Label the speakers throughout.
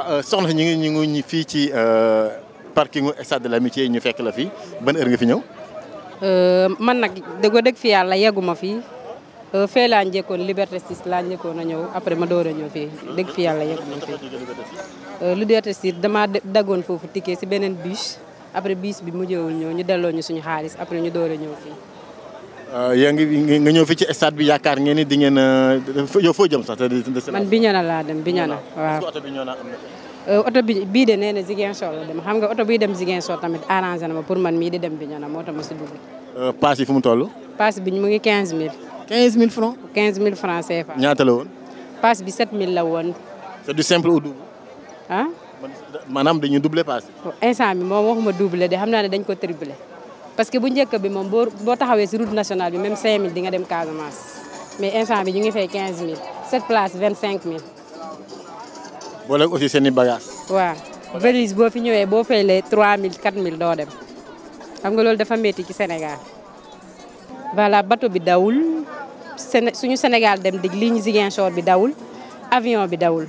Speaker 1: waaw euh, soxna ñu ngi ñu ngi fii ci euh, parkingu stade de l'amitié ñu fekk la fi ban heure fi ñëw.
Speaker 2: Euh, man nag dëgg dëgg fi yàlla yegguma fi fee laa njëkkoon Liberté 6 laa njëkkoon a ñëw après ma door a ñëw fii dëgg fi yàlla yegguma fii. Liberté 6 damaa daggoon foofu ticket si beneen bus après bus bi mujjewul ñëw ñu delloo ñu suñu xaalis après ñu door a ñëw
Speaker 1: Euh, yaa ngi nga ñëw fi ci stade bi yaakaar ngeen ni di ngeen euh, yow foo jëm sax man
Speaker 2: Bignona laa dem Bignona euh, bi bii de nee na Ziguinchor la dem xam nga oto bii dem Ziguinchor tamit arrangé na ma pour man mii di dem Bignona moo tax ma si dugg.
Speaker 1: paas yi fu mu toll.
Speaker 2: paas bi mu ngi 15000. 15000 francs 15000 francs ñaata la woon. paas bi 7000 la woon.
Speaker 1: c'est du simple au double. ah. maanaam dañuy doubler paas
Speaker 2: yi. instant bi moom waxuma doubler de xam naa ne dañ ko tripler. parce que bu njëkk bi moom boo boo taxawee si route nationale bi même 5000 di nga dem Casamance mais instant bi ñu ngi fay 15000 cette place 25000.
Speaker 1: boole aussi seen i bagages.
Speaker 2: waaw boo fi ñëwee boo faylee 3000 4000 doo dem xam nga loolu dafa métti ci Sénégal. voilà bateau bi dawul Séné suñu Sénégal dem dig ligne Ziguinchor bi dawul avion bi dawul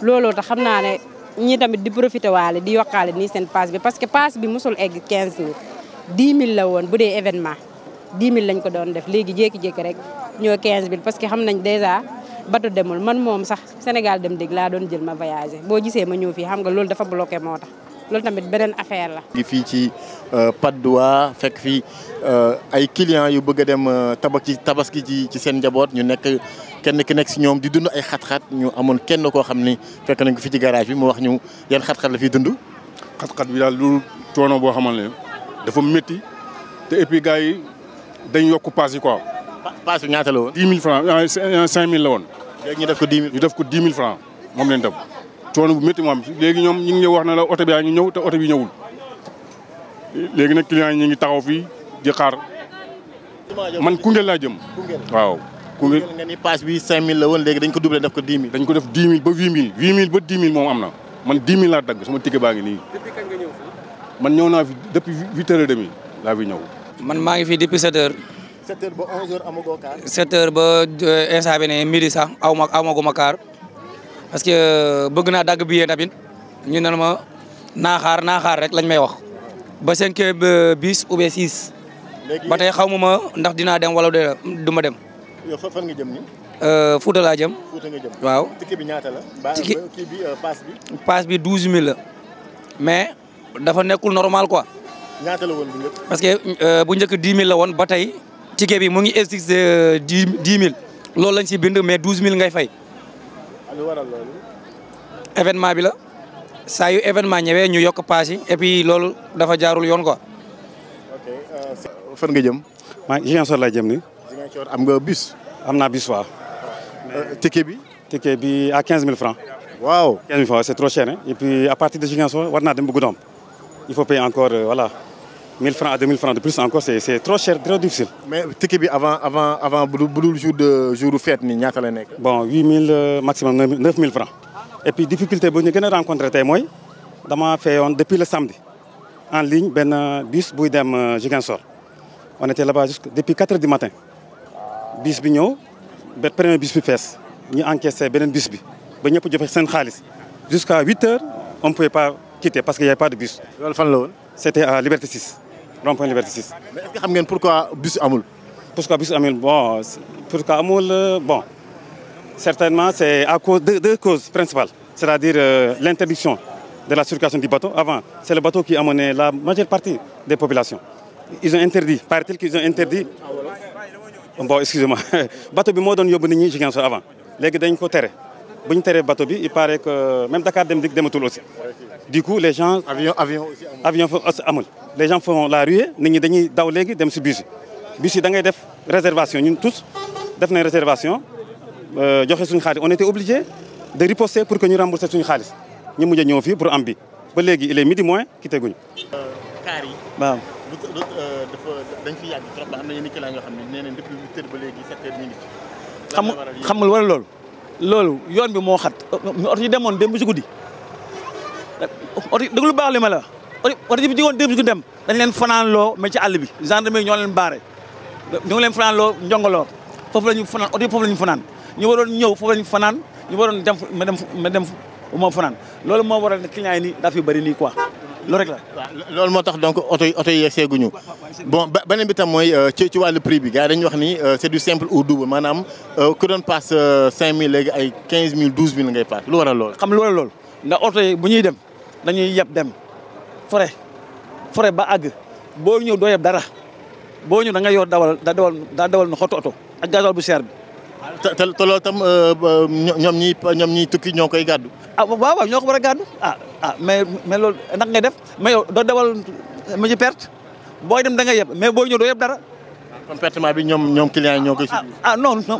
Speaker 2: looloo tax xam naa ne ñii tamit di profité waale di yokkaale ni seen paas bi parce que paas bi mosul egg 15000. dix mille la woon bu dee événement dix mille lañ ko doon def léegi jékki-jékki rek ñoo quinze mille parce que xam nañ déjà bato demul man moom sax Sénégal dem dégg laa doon jël ma voyager boo gisee ma ñëw fii xam nga loolu dafa bloqué moo tax loolu tamit beneen affaire la.
Speaker 1: ngi fii ci euh, Patte d'Oie fekk fii euh, ay clients yu bëgg a dem euh, tabak tabaski ci ci seen njaboot ñu nekk kenn ki nekk si ñoom di dund ay xat-xat ñu amoon kenn koo xam ni fekk nañ ko fi ci garage bi mu wax ñu yan xat-xat la fiy dund. xat bi daal du
Speaker 3: boo xamal dafa métti te et puis yi dañ yokk paas yi quoi.
Speaker 1: paas yi ñaata la woon. dix
Speaker 3: mille franc ah, ah, cinq mille woon. def ko dix mille. ñu def ko dix mille moom lañ def coono bu métti moom léegi ñoom ñu ngi ñëw wax na la oto bi yaa ñëw te oto bi ñëwul léegi nag client yi ñu ngi taxaw fii di xaar. man Koungheul laa jëm. waaw Koungheul nga ni paas bi 5000 la woon léegi dañ ko doublé def ko 10 000. dañ ko def ba 8 000 8 000 ba 10 000 moom am na man 10 000 laa dagg sama ticket baa ngi nii. man ñëw naa fi depuis huit heures et demi laa fi ñëw.
Speaker 4: man maa ngi fi depuis sept heures.
Speaker 1: sept heures ba onze
Speaker 4: heures ba euh, instant bi ne midi sax aw ma aw ma gu kaar parce que euh, bëgg naa dagg billet tamit ñu ne ma naaxaar naaxaar rek lañ may wax. ba cinq heures bis ou bien six. ba xaw ma ma ndax dinaa dem wala du ma dem.
Speaker 1: yow fan jëm ni
Speaker 4: euh, Fouta laa jëm. Fouta nga jëm waaw.
Speaker 1: ticket bi ñaata la. ticket bi paas bi.
Speaker 4: paas bi douze mais. dafa nekkul normal quoi. ñaata la woon parce que euh, bu njëkk 10 000 la woon ba tey ticket bi mu ngi exigé 10 000 lool lañ si bind mais 12 000 ngay fay.
Speaker 1: Ah, lu waral loolu.
Speaker 4: événement bi la saa événement ñëwee ñu yokk paas yi et puis loolu dafa jaarul yoon quoi.
Speaker 5: Euh, fan nga jëm. maa ngi Ziguinchor laa jëm ni Ziguinchor am nga bus. am naa bus waaw. Euh, ticket bi. ticket bi à 15000 francs waaw 15000 francs c'est trop cher hein à partir de Ziguinchor war naa dem bu Goudomp. il faut payer encore euh, voilà 1000 francs à 2000 francs de plus encore c'est c'est trop cher trop difficile. mais ticket bi avant avant avant jour de jour fête nii ñaata la nekk. bon 8000 euh, maximum 9000 francs et puis difficulté bu ñu gën a rencontré tey dama feeyoon depuis le samedi en ligne ben euh, bus buy dem euh, Ziguinchor on était là-bas depuis 4 heures du matin bus bi ñëw ba premier bus bi fees ñu encaissé beneen bus bi ba ñëpp joxe seen quitté parce qu'il n'y avait pas de bus. fan la woon. c'était à Liberté 6 rond-point Liberté 6. mais est-ce que xam ngeen pourquoi bus amul. pourquoi bus amul bon pourquoi amul euh, bon certainement c'est à cause de deux causes principales. c'est-à-dire euh, l'interdiction de la circulation du bateau avant c'est le bateau qui amenait la majeure partie des populations. ils ont interdit paraît-il qu'ils ont interdit bon excusez-moi bateau bi moo doon yóbbu nit ñi Ziguinchor avant léegi dañ ko tere. bu tere teree bi il paraît que euh, même Dakar Dem Dikk dematul aussi du coup les gens. avion avion aussi avion amul. les gens font la ruée nit ñi dañuy daw léegi dem si bus yi bus da ngay def réservation ñun tous def nañ réservation euh, joxe suñ xaalis on était obligé de riposter pour que ñu rembourser suñu xaalis ñu mujj a ñëw fii pour am bi ba léegi il est midi moins quitté guñu. kaar euh, yi. waaw.
Speaker 1: xam ne nee nañ depuis
Speaker 5: loolu. loolu yoon bi moo xat oto yi demoon dem bi si guddi oto dëgg lu baax li ma la oto yi bi digoon dem si dem dañ leen fanaan loo mais ci àll bi gendarmerie ñoo leen baare ñu leen fanaan loo njongoloor foofu la ñu fanaan oto yi foofu la ñu fanaan ñu waroon ñëw foofu la ñu fanaan ñu waroon dem ma dem ma dem moo fanaan loolu moo waral client yi nii daa fi bëri nii quoi loolu rek la loolu moo
Speaker 1: tax donc oto yi oto yi seeguñu bon beneen bi tam mooy euh, ci ci wàllu prix bi gars yi dañuy wax ni euh, c'est du simple au double maanaam euh, ku doon paas 5000 léegi ay 15000 mille ngay paas lu waral loolu.
Speaker 5: xam lu waral loolu ndax oto yi bu ñuy dem dañuy yeb dem frais frais ba àgg boo ñëw doo yeb dara boo ñëw da nga yor dawal da dawal daa dawal na xottu oto
Speaker 1: ak bu cher bi. te te loolu tam ñoom ñi ñoom tukki ñoo koy
Speaker 5: gàddu. ah ñoo ko war gàddu ah, ah mais mais loolu nag ngay def mais yow doo dawal mu ci perte booy dem danga ngay yeb mais booy ñëw doo yeb dara. kon ah, pertement bi ñoom ñoom client yi ñoo
Speaker 6: ko. ah, ah non non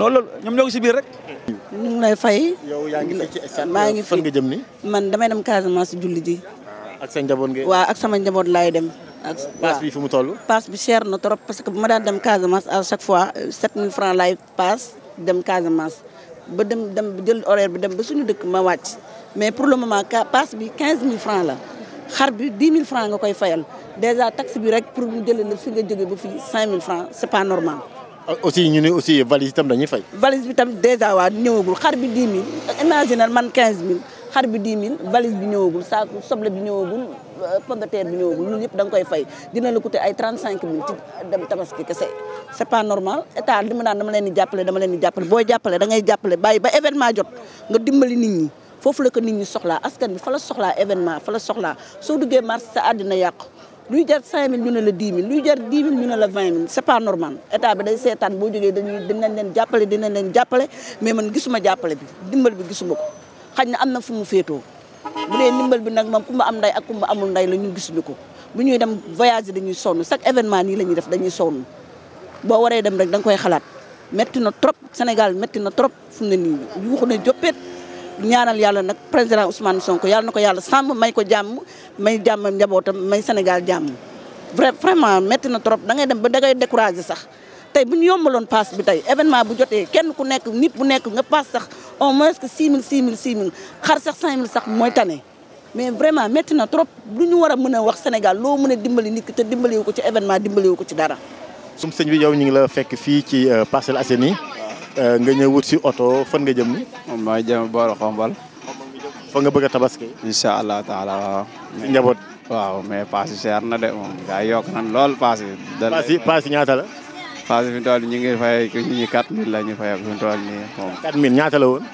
Speaker 6: loolu ñoom ñoo si biir rek. ñu ngi fay. yow yaa ngi fi maa ngi fi nga jëm ni man damay dem Casamance julli ji. Ah, ak sa njaboot ngay. waaw ak sama njaboot laay dem. ak paas bi fu mu toll. paas bi cher na trop parce que bu ma daan dem Casamance à chaque fois 7000 francs laay paas dem Casamance ba dem dem jël horaire bi dem ba suñu dëkk ma wàcc. mais pour le moment passe bi 15000 francs la xar bi 10000 francs nga koy fayal déjà taxe bi rek pour mu jëlee la fi nga jógee ba fii 5000 francs c'est pas ah,
Speaker 1: ne aussi valise dañuy fay.
Speaker 6: valise bi tam déjà waa ñëwagul xar bi 10000 imaginer man 15000 xar bi 10000 valise bi ñëwagul saako soble bi ñëwagul euh, pomme de terre bi ñëwagul loolu yëpp da nga koy fay dina la coûter ay 35000 ci dem tabaski kese. c'est pas normal état li mu naan dama leen di jàppale dama leen di jàppale boo jàppale dangay ngay jàppale bàyyi ba événement jot nga dimbali nit ñi. foofu la ko nit ñi soxlaa askan bi fa la soxlaa événement fa la soxlaa soo duggee marché sa àddina yàqu luy jar 5000 ñu ne la 10 000 luy jar 10 000 ñu ne la 20 000 c'est pas normal état bi day seetaan boo jógee dañuy dinañ leen jàppale dinañ leen jàppale mais man gisuma jàppale bi dimbal bi gisuma ko xañ na am na fu mu féetoo bu dimbal bi nag moom ku ma am nday ak ku amul nday la ñu gisuñu ko bu ñuy dem voyage dañuy sonn chaque événement nii la ñuy def dañuy sonn boo waree dem rek da nga koy xalaat metti na trop Sénégal metti na trop fu mu ne nii yuuxu ne joppeet ñaanal yàlla nag président Ousmane Sonko yàlla na ko yàlla sàmm may ko jàmm may jàmm njabootam may Sénégal jàmm. vrai vraiment métti na trop da ngay dem ba da ngay découragé sax tey bu ñu yombaloon paas bi tey événement bu jotee kenn ku nekk nit bu nekk nga paas sax au moins que 6 000 6 000 6 000 xar sax 5 000 sax mooy mais vraiment métti na trop lu ñu war a mën a wax Sénégal loo mën a dimbali nit ki te dimbaliwu ko ci événement dimbaliwu ko ci dara.
Speaker 1: sum sëñ bi yow ñu ngi la fekk fii ci euh, Parcelles Assainies Euh, nga ñëw wut si oto fan nga jëm ni moom maa jëm boor xombal
Speaker 7: fa nga bëgg a tabaski incha allah taala waaw si njaboot waaw mais paas yi cher na de moom gaa yi yokk nan lool paas yi paas yi la paas yi fi mu toll ñu ngi fay ñu ñi la ñu fi mu toll moom quatre woon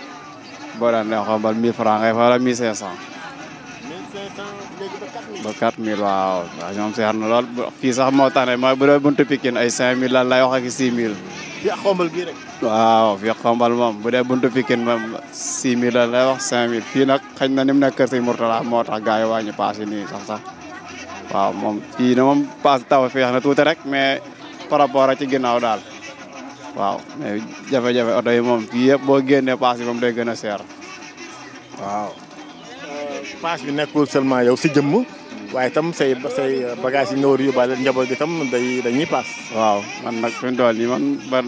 Speaker 7: boo daan ne xombal mille franc ngay fay wala mille cinq cent
Speaker 1: ba
Speaker 7: 4000 waaw waaw ñoom seer na lool fii sax moo tax ne mooy bu doon buntu Pikine ay 5000 lan lay wax ak 6000.
Speaker 1: fii ak xombal gii rek.
Speaker 7: waaw fii ak xombal moom bu dee buntu Pikine lay wax 5000 fii nag xëy na ni mu nekk kër Sëñ Mourtala moo tax gars yi waa ñu paas yi nii sax sax waaw moom fii ne moom paas taw feex na tuuti rek mais par rapport ak ci ginnaaw daal. waaw mais jafe-jafe oto yi moom fii yëpp boo génnee paas yi moom day gën a seer waaw. paas bi nekkul seulement yow si jëmm waaye tam say say bagage yi nga war a yóbbaale njaboot gi tam da dañuy paas. waaw man nag fi mu toll nii man ban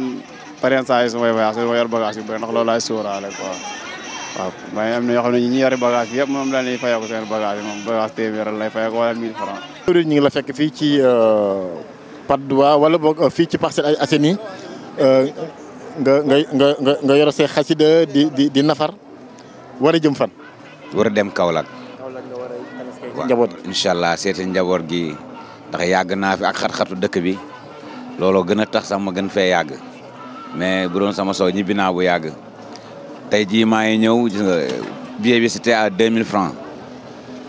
Speaker 7: parents yi su may voyage ma yor bagage yu bëri ndax loolu laay waaw waaye am na yoo xam ne ñi yore bagage bi yëpp moom la ñuy fayako seen bagage yi moom bagage téeméer wala 1000 francs. ñu fii ci euh, Patte d'Oie wala boog euh, fii ci
Speaker 1: euh, nga nga nga nga yore say xasida di di di nafar
Speaker 4: war a jëm fan. war a dem Kaolack. njaboot incha allah seeti njaboot gi ndax yàgg naa fi ak xat-xatu dëkk bi looloo gën a tax sax ma gën fee yàgg mais bu doon sama soow ñibbi naa bu yàgg tey jii maa ngi ñëw gis bi billet bi c'était à 2000 francs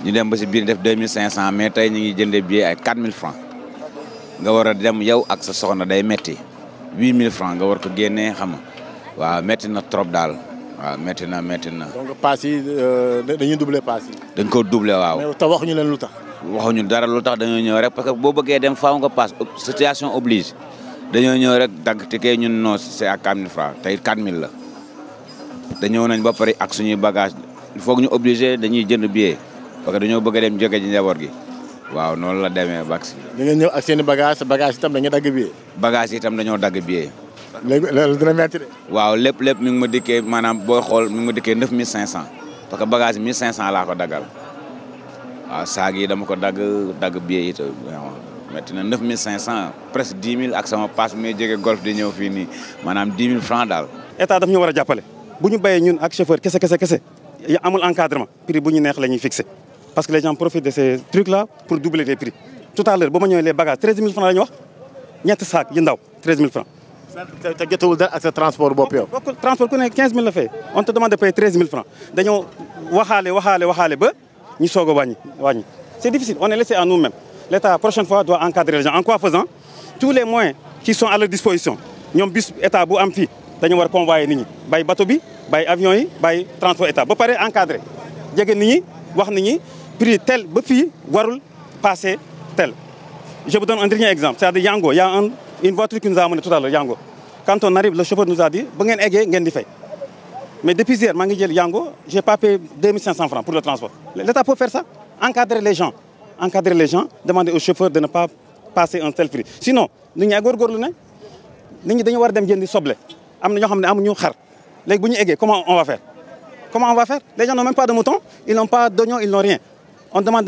Speaker 4: ñu dem ba si biir def 2500 mais tey ñu ngi jëndee billet ay 4000 francs nga war a dem yow ak sa soxna day metti mille francs nga war ko génnee xama nga waaw metti na trop daal. waaw métti na métti na. donc
Speaker 1: paas yi euh, dañuy
Speaker 4: dañ ko doublé waaw. mais te waxuñu leen lu tax. waxuñu dara lu tax dañoo ñëw rek parce que boo bëggee dem faaw nga paas situation oblige dañoo ñëw rek dagg ticket ñun non c'est à 4000 francs tey 4000 la. te ñëw nañ ba pare ak suñuy bagage il foog ñu obligé dañuy jënd billet parce que dañoo bëgg a dem jóge ji njaboot gi. waaw noonu la demee bàq si. da ngeen ñëw ak seen i bagages bagage itam dañoo dagg billet. dañoo dagg billet. léegi loolu waaw lépp lépp mi ngi ma dikkee maanaam booy xool mi ma dikkee neuf mille cinq cent parce que bagage bi mille cinq laa ko daggal waaw saag yi dama ko dagg dagg billet yi te métti na neuf mille cinq cent presque dix mille ak sama passe muy jóge golf di ñëw fii nii maanaam dix mille franc daal. état daf ñu war a jàppale
Speaker 5: bu ñu bayee ñun ak chauffeur kese kese kese ya amul encadrement prix bu ñu neex la ñuy fixé parce que les gens profitent de ces trucs là pour doubler les prix tout ba ma ñëwee les bagages treize mille franc la ñu wax ñetti yu ndaw treize mille franc te jotewul dara ak sa transport bopp yow. transport ku ne 15000 la fay on te demande de payer 13000 francs dañoo waxaale waxaale waxaale ba ñu soog a wàññi wàññi. difficile on est laissé à nous-mêmes l' état prochaine fois doit encadrer les gens en quoi faisant tous les moyens qui sont à leur disposition ñoom bis état bu am fii dañu war a convoyer nit ñi bay bateau bi bay avion yi bay transport état ba pare encadré jege nit ñi wax nit ñi prix tel ba fi warul passé tel. je vous donne un dernier exemple une voiture qui nous a amené tout à Yango quand on le chauffeur nous a dit ba ngeen eggee di fay mais depuis hier maa ngi jël Yango j'ai pas payé francs pour le transport l'État peut faire ça encadrer les gens gens demander au chauffeur de ne pas passer un tel prix sinon nit ñi ay góorgóorlu ne nit ñi dañu war a dem jëndi soble am ne amuñu xar léegi bu ñu eggee comment on va comment on va faire les gens n'ont même pas de mouton ils n'ont pas d'oignon ils n'ont rien on demande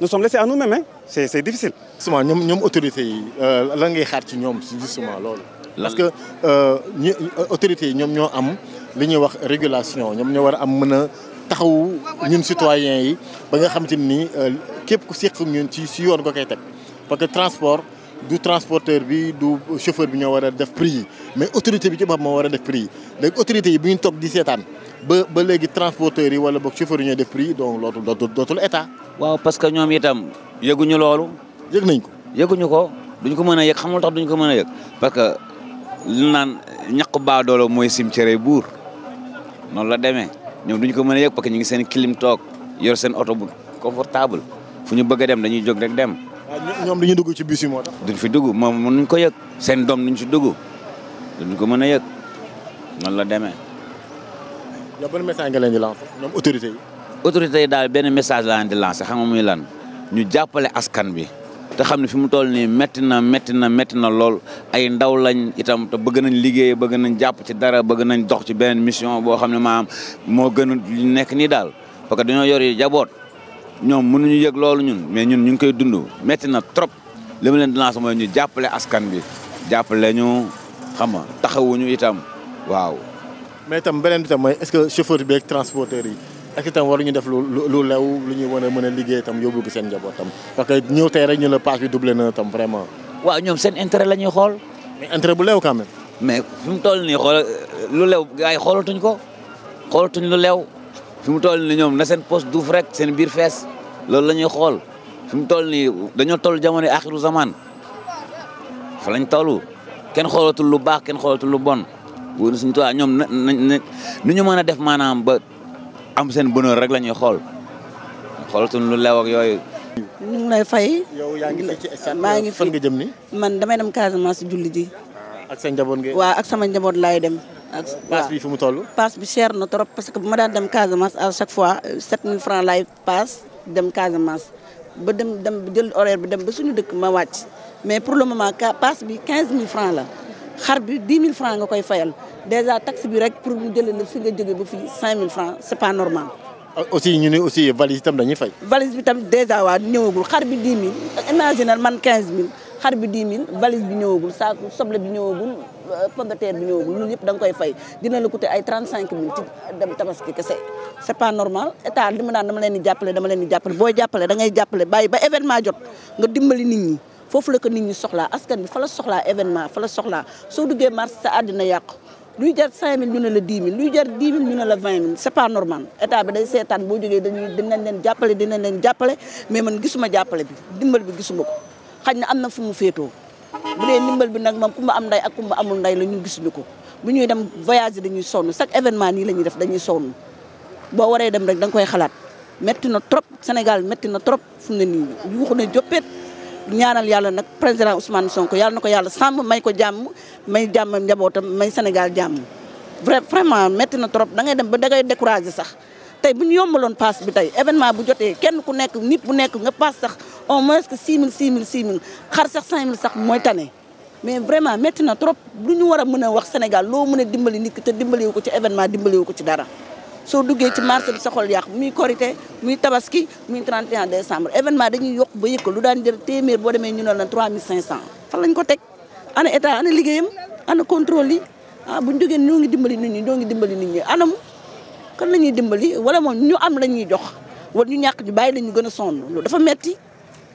Speaker 5: nous sommes laissés à nous-mêmes hein c'est c'est difficile. justement ñoom ñoom autorités yi
Speaker 1: euh, lan ngay xaar ci ñoom justement loolu. parce que euh, ñi autorités yi ñoom ñoo am li ñuy wax régulation ñoom ñoo war a am mën a taxaw ñun citoyens yi ba nga xam te ni euh, képp ku seq ñun ci si yoon ko koy teg parce que transport. du transporteur bi du chauffeur bi ñoo war a def prix yi mais autorité bi ci boppam moo war a def prix yi léegi autorité yi bu ñu toog di seetaan. ba ba léegi transporteurs yi wala boog chauffeurs yi ñooy def prix donc lootul dootul dootul
Speaker 4: état. waaw parce que ñoom itam yëguñu loolu. yëg nañ ko. yëguñu ko duñ ko mën a yëg xamul tax duñ ko mën a yëg parce que li naan ñaq baadoolo mooy cere buur noonu la demee ñoom duñ ko mën a yëg parce que ñu ngi seen clim toog yor seen oto bu confortable fu ñu bëgg a dem dañuy jóg rek dem.
Speaker 1: waaw ñoom dañuy dugg ci bus yi moo tax.
Speaker 4: duñ fi dugg moom mënuñ ko yëg seen doom duñ ci dugg duñ ko mën a yëg noonu la demee. yow ban message nga leen di lancer ñoom yi. daal benn message laa leen di lancer xam nga muy lan ñu jàppale askan bi te xam ne fi mu toll nii métti na métti na métti na lool ay ndaw lañ itam te bëgg nañ liggéey bëgg nañ jàpp ci dara bëgg nañ dox ci beneen mission boo xam ne maam moo gën ñu nekk nii daal parce que dañoo yor yi jaboot ñoom ñu yëg loolu ñun mais ñun ñu ngi koy dundu métti na trop li ma leen di lancer mooy ñu jàppale askan bi jàppale ñu xam nga taxawuñu itam waaw.
Speaker 1: mais tam beneen bi tam mooy est-ce que chauffeur bi ak transporteur yi est-ce que itam waruñu def lu lew lu ñuy wane mën a liggéey tam yóbbu bu seen njaboot tam parce que ñëw tey rek ñu la paas bi doublé na tam vraiment.
Speaker 4: waaw ñoom seen intérêt la ñuy xool.
Speaker 1: mais bu lew quand même.
Speaker 4: mais fi mu toll nii xool lu lew gars yi xoolatuñ ko xoolatuñ lu lew fi mu toll nii ñoom na seen poste duuf rek seen biir fees loolu la ñuy xool fi mu toll nii dañoo toll jamono axiru zaman fa lañ toll kenn xoolatul lu baax kenn xoolatul lu bon. wóor na suñu tubaab ñoom na nu ñu mën a def maanaam ba am seen bonheur rek la ñuy xool xoolatuñ lu lew yooyu.
Speaker 6: ñu lay fay. yow yaa ngi fi ci stade maa ngi fi fan jëm ni man damay dem Casamance julli ji. Ah, ak sa njaboot ngay waaw ak sama njaboot laay dem. ak paas bi fu mu toll. paas bi cher na trop parce que bu ma daan dem Casamance à chaque fois 7000 francs laay paas dem Casamance ba dem dem jël horaire bi dem ba suñu dëkk ma wàcc mais pour le moment paas bi 15000 francs la. xar bi 10 mille francs nga koy fayal déjà taxe bi rek pour mu jëlee la fi nga jógee ba fii 5000 francs c'est pas normal.
Speaker 1: aussi ñu ne aussi valise dañuy fay.
Speaker 6: valise bi tam déjà waa ñëwagul xar bi 10 000 imaginer man 15000 xar bi 10 000 valise bi ñëwagul saako soble bi ñëwagul euh, pomme de terre bi ñëwagul loolu yëpp da nga koy fay dina la coûter ay 35000 ci dem tabaski kese. c' est pas normal état li mu naan dama leen di jàppale dama leen di jàppale booy jàppale da ngay jàppale baay ba événement jot nga dimbali nit ñi. foofu la ko nit ñi soxlaa askan bi fa la soxlaa événement fa la soxlaa soo duggee marché sa àddina yàqu luy jar 5000 ñu ne la 10 000 luy jar 10 000 ñu ne la 20 000 c'est pas normal état bi day seetaan boo jógee dañuy dinañ leen jàppale dinañ leen jàppale mais man gisuma jàppale bi dimbal bi gisuma ko xañ na am na fu mu féetoo bu dee dimbal bi nag moom kumba am nday ak kumba amul nday la ñu gisuñu ko bu ñuy dem voyage dañuy sonn chaque événement nii la ñuy def dañuy sonn boo waree dem rek danga koy xalaat metti na trop Sénégal metti na trop fu mu ne nii yuuxu na joppeet ñaanal yàlla nag président Ousmane Sonko yàlla na ko yàlla sàmm may ko jàmm may jàmm njabootam may Sénégal jàmm. vrai vraiment métti na trop da ngay dem ba da ngay découragé sax tey bu ñu yombaloon paas bi tey événement bu jotee kenn ku nekk nit bu nekk nga paas sax au moins que 6 000 6 000 6 000 xar sax 5 000 sax mooy tane. mais vraiment métti na trop lu ñu war a mën a wax Sénégal loo mun a dimbali nit ki te dimbaliwu ko ci événement dimbaliwu ko ci dara. soo duggee ci marché bi sa yàq yàqu muy korité muy tabaski muy 31 décembre événement dañuy yokk ba yëkkal lu daan jël téeméer boo demee ñu ne la 3500 fan lañ ko teg ana état ana liggéeyam ana contrôle yi ah buñ jógee ñoo ngi dimbali nit ñi ñoo ngi dimbali nit ñi anam kan la ñuy dimbali wala moom ñu am la ñuy jox wala ñu ñàkk ñu bàyyi la ñu gën a sonn loolu dafa metti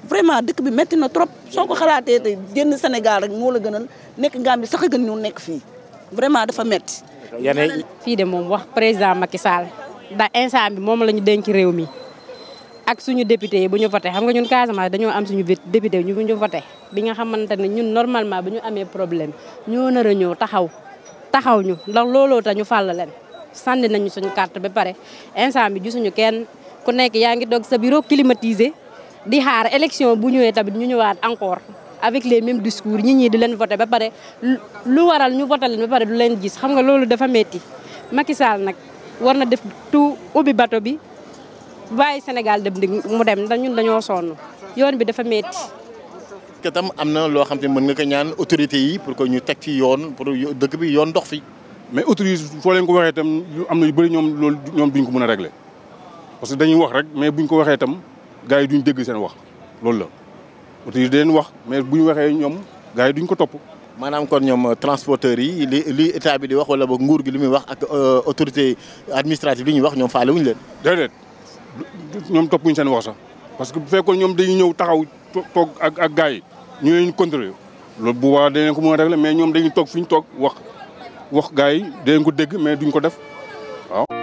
Speaker 6: vraiment dëkk bi metti na trop soo ko xalaatee tey génn Sénégal
Speaker 2: rek moo la gënal nekk Gambie sax a gën ñu nekk fii vraiment dafa metti yeneen. fii de moom wax président Macky Sall ndax instant bi moom la ñu denc réew mi ak suñu député yi bu ñu voté xam nga ñun Casamance dañoo am suñu député ñu bu ñu voté bi nga xamante ne ñun normalement bu ñu amee problème ñoo nar a ñëw taxaw taxaw ñu ndax looloo tax ñu fàll leen sànni nañu suñu kart ba pare instant bi gisuñu kenn ku nekk yaa ngi doog sa bureau climatisé di xaar élection bu ñëwee tamit ñu ñëwaat encore. avec les mêmes discours ñi ñii di leen voté ba pare lu waral ñu voté leen ba pare du leen gis xam nga loolu dafa metti Macky Sall nag war na def tout ubbi bato bi bàyyi Sénégal dem di mu dem ndax ñun dañoo sonn yoon bi dafa metti
Speaker 1: que tam am na loo xam te mën nga ko ñaan autorité yi pour que ñu teg ci yoon pour dëkk bi yoon ndox fi mais autorité foo leen ko
Speaker 3: waxee itam am na yu bëri ñoom loolu ñoom duñ ko mën a régler parce que dañuy wax rek mais bi buñ ko waxee itam gaa yi duñ dégg seen wax loolu la oto yi di leen wax mais bu ñu waxee ñoom gars
Speaker 1: yi duñ ko topp. maanaam kon ñoom transporteurs yi li li état bi di wax wala ba nguur gi li muy wax ak euh, autorité administrative li ñuy wax ñoom faale wuñ leen. déedéet ñoom toppuñ seen wax
Speaker 3: sax parce que bu fekkoon ñoom dañu ñëw taxaw toog ak ak gars yi ñu leen contrôler loolu bu boobaa dinañ ko mën a régler mais ñoom dañuy toog fi ñu toog wax wax gars yi dinañ ko dégg mais duñ ko def waaw.